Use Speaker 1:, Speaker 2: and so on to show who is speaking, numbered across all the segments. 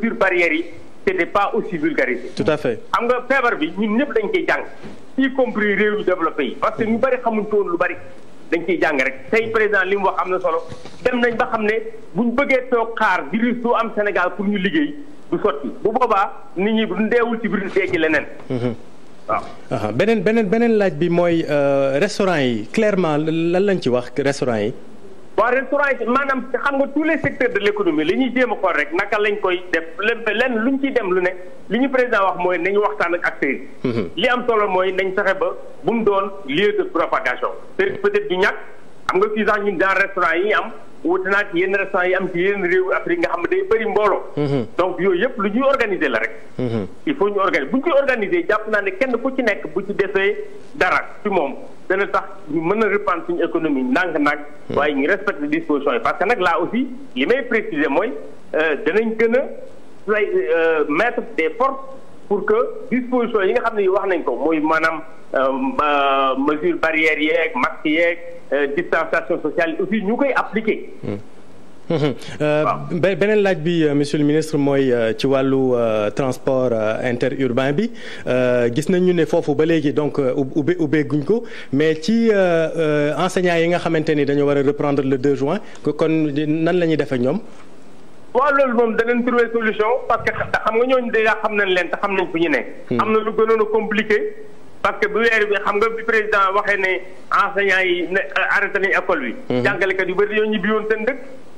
Speaker 1: biir barrières yi c'était pas aussi vulgarisé. tout à fait xam nga feebar bi ñun ñëpp dañ koy jàng y compris réew yu développé yi parce que ñu bari xamuñ woon lu bari dañ ciy jàng rek tey président li mu wax am na solo dem nañ ba xam ne bu ñu bëggee toog xaar virus du am Sénégal pour ñu liggéey du sotti bu boobaa nit ñi du ndeewul ci virus dee ci leneen. Mhm. waaw
Speaker 2: beneen beneen beneen laaj bi mooy euh, restaurant yi clairement lan lañ ci wax restaurant yi.
Speaker 1: waa restaurant maanaam xam nga tous les secteurs de l' économie li ñuy jéem a xool rek naka lañ koy def lenn luñ ciy dem lu ne li ñu président wax mooy nañu waxtaan ak acteurs yi. Mhm. li am solo mooy nañ fexe ba bu mu doon lieu de propagation. peut-être du ñàkk xam nga fii sax ñun dans restaurant yi am wute naa ci yenn restaurant yi am ci yenn réew Afrique nga xam ne day bëri mbooloo. Mhm. donc yooyu yëpp lu ñuy organiser la rek. Mhm. il faut ñu organiser bu ñu koy organiser jàpp naa ne kenn ku ci nekk bu ci defee dara ci moom. dana tax ñu mën a reprendre suñu économie ndànk-ndànk. Hmm. waaye ñu respecté dispositions yi parce que nag là aussi li may préciser mooy euh, danañ gën a lay euh, mettre des forces pour que dispositions yi nga xam ne wax nañ ko mooy maanaam euh, mesure barrière yeeg masque yeeg distanciation sociale aussi ñu koy appliquer.
Speaker 2: Hmm. Euh, beneen laaj bi euh, monsieur le ministre mooy euh, ci wàllu transport interurbain bi gis nañu ne foofu ba léegi donc ubbe guñ ko mais ci enseignants yi nga xamante ni dañoo war a reprendre le 2 juin kon nan la ñuy def ñoom.
Speaker 1: waaw loolu moom danañ trouver solution parce que xam nga ñooñu déjà xam nañ leen te xam nañ fu ñu ne. Hmm. am na lu gënoon a compliqué. parce que bu weer bi xam nga bi président waxee ne enseignants yi ne arrêté nañ école bi. Hmm. jàngalekat yu bëri ñoo ñibbi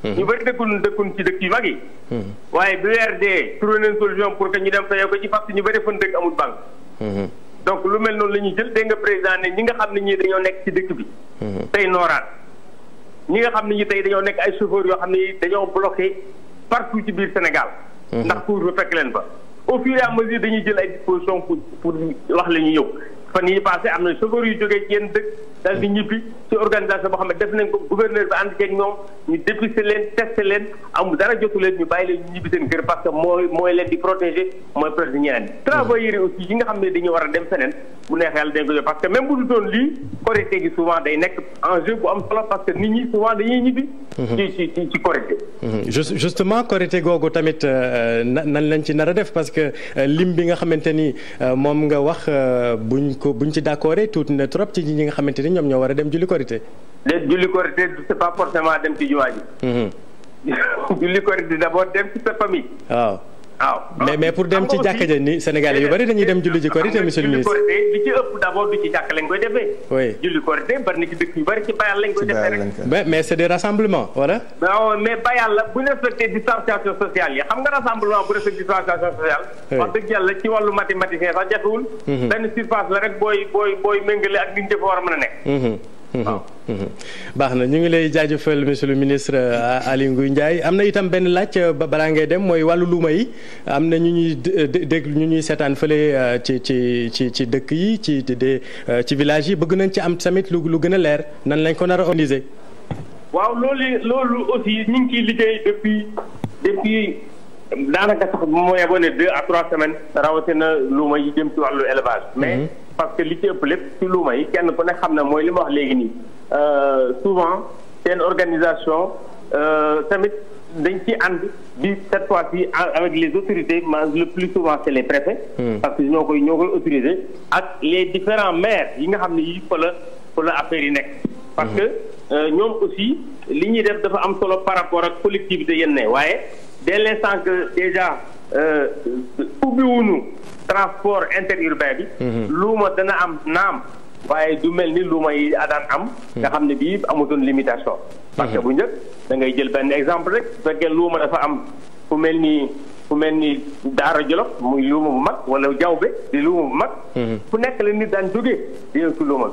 Speaker 1: Hmm. ñu bëri dëkkun dëkkun ci dëkk yu mag yi. Hmm. waaye bi weer dee trouvé nañ solution pour que ñu dem fayoo ko ci parce que ñu bëri fan dëkk amul banque. Hmm. donc lu mel noonu la ñuy jël dégg nga président ne ñi nga xam ne ñii dañoo nekk ci dëkk bi. tey nooraat ñi nga xam ne ñi tey dañoo nekk ay chauffeurs yoo xam ne dañoo bloqué partout ci biir Sénégal. ndax couvre-feu fekk leen fa. au fur et à mesure dañuy jël ay dispositions pour pour wax la ñuy yëw fan yii passé am na chauffeurs yu jogee ci yenn dal di ñibbi ci organisation boo xam ne def nañ ko gouverneur bi ànd ceeg ñoom ñu dépisté leen testé leen amul dara jotu leen ñu bàyyi leen ñu ñibbi seen kër parce que mooy mooy leen di protéger mooy protéger ñeneen travailleurs yi aussi yi nga xam ne dañu war a dem feneen bu ne yàlla dañ ko jox parce que même bu du doon lii Korité gi souvent day nekk enjeu bu am solo parce que nit ñi souvent dañuy ñibbi mhm. ci ci ci
Speaker 2: mhm. justement Korité googu tamit euh, nan lañ ci nar a def parce que euh, lim bi nga xamante ni euh, moom nga wax buñ ko buñ ci d'accord tuuti na trop ci ni ji ñoom ñoo war a dem julli korité.
Speaker 1: déet julli korité c'est pas forcément dem ci jumaa ji. Mhm. julli korité d'abord dem ci sa
Speaker 2: waaw. waaw ah, mais ah, mais pour dem ci jàkka ja ni Sénégalais yu bari dañuy dem julli ji korité monsieur le ministre
Speaker 1: li ci ëpp d'abord du ci jàkka lañ koy defee. julli korité bari na ci dëkk yu bari ci bayal lañ koy defee
Speaker 2: rek. mais c'est des rassemblements voilà.
Speaker 1: non oh, mais bayal la bu ñu respecté distanciation sociale yi xam nga rassemblement bu respecté distanciation sociale. wax dëgg yàlla ci wàllu mathématicien sax jafewul. Mhm. benn surface la rek booy booy booy méngale
Speaker 2: waaw. baax na ñu ngi lay jaajëfal monsieur le ministre euh, Aly Ngouille njaay am na itam benn laaj euh, ba balaa ngay dem mooy wàllu luuma yi am na ñu ñuy dégg ñu ñuy seetaan fële euh, ci ci ci ci dëkk yi ci de ci village yi bëgg nañ ci am tamit lu lu gën a leer nan lañ ko nar a
Speaker 1: waaw loolu loolu aussi ñu ngi ciy liggéey depuis depuis. daanaka sax mooy boo ne deux à trois semaines rawatina luuma yi jëm ci wàllu élevage. Mhm. mais parce que li ci ëpp lépp ci luuma yi kenn ko ne xam na mooy li ma wax léegi nii euh, souvent seen organisation euh, tamit dañ ci ànd di cette fois-ci avec les autorités le plus souvent c'est les préfets. Hmm. parce que ñoo koy ñoo koy autorisé ak les différents maires yi nga xam ne yii fa la fa affaire yi nekk. parce hmm. que Euh, ñoom aussi li ñuy def dafa am solo par rapport ak collectivité yenn ne waaye dès l'instant que déjà euh, ubbiwuñu transport interurbain bi. Mhm. luuma dana am naam. waaye du mel ni luuma yi daan am. Mhm. nga xam ne bii amutoon limitation. parce que mhm. bu njëkk da ngay jël benn exemple rek su fekkee luuma dafa am fu mel ni fu mel ni Daara Jolof muy luuma bu mag wala jawbe di luuma bu mag. fu nekk la nit daan jógee di yëngu luuma bi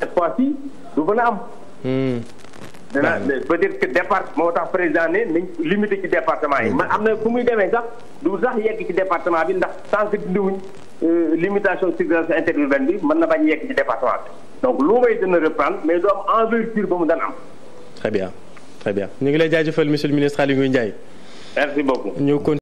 Speaker 1: cette du mën a am.
Speaker 2: dana
Speaker 1: peut-être que départ moo tax président ne nañ limité ci département yi man am na fu muy demee sax du sax yegg ci département bi ndax tant que dindiwuñ euh, limitation circulation interurbaine bi mën na bañ yegg ci département bi donc lu may dana reprendre mais du am envergure ba mu daan am.
Speaker 2: très bien très bien ñu ngi lay jaajëfal monsieur le ministre Aly Ngouille Ndiaye. merci beaucoup